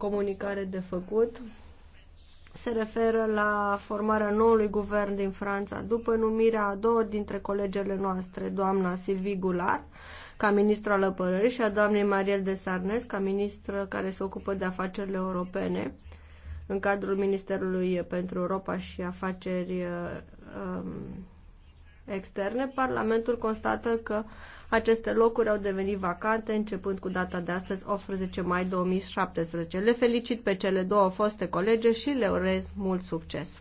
comunicare de făcut se referă la formarea noului guvern din Franța după numirea a două dintre colegele noastre, doamna Sylvie Goulart, ca ministru al apărării și a doamnei Mariel de Sarnes, ca ministră care se ocupă de afacerile europene în cadrul Ministerului pentru Europa și Afaceri uh, um, externe, Parlamentul constată că aceste locuri au devenit vacante începând cu data de astăzi, 18 mai 2017. Le felicit pe cele două foste colege și le urez mult succes!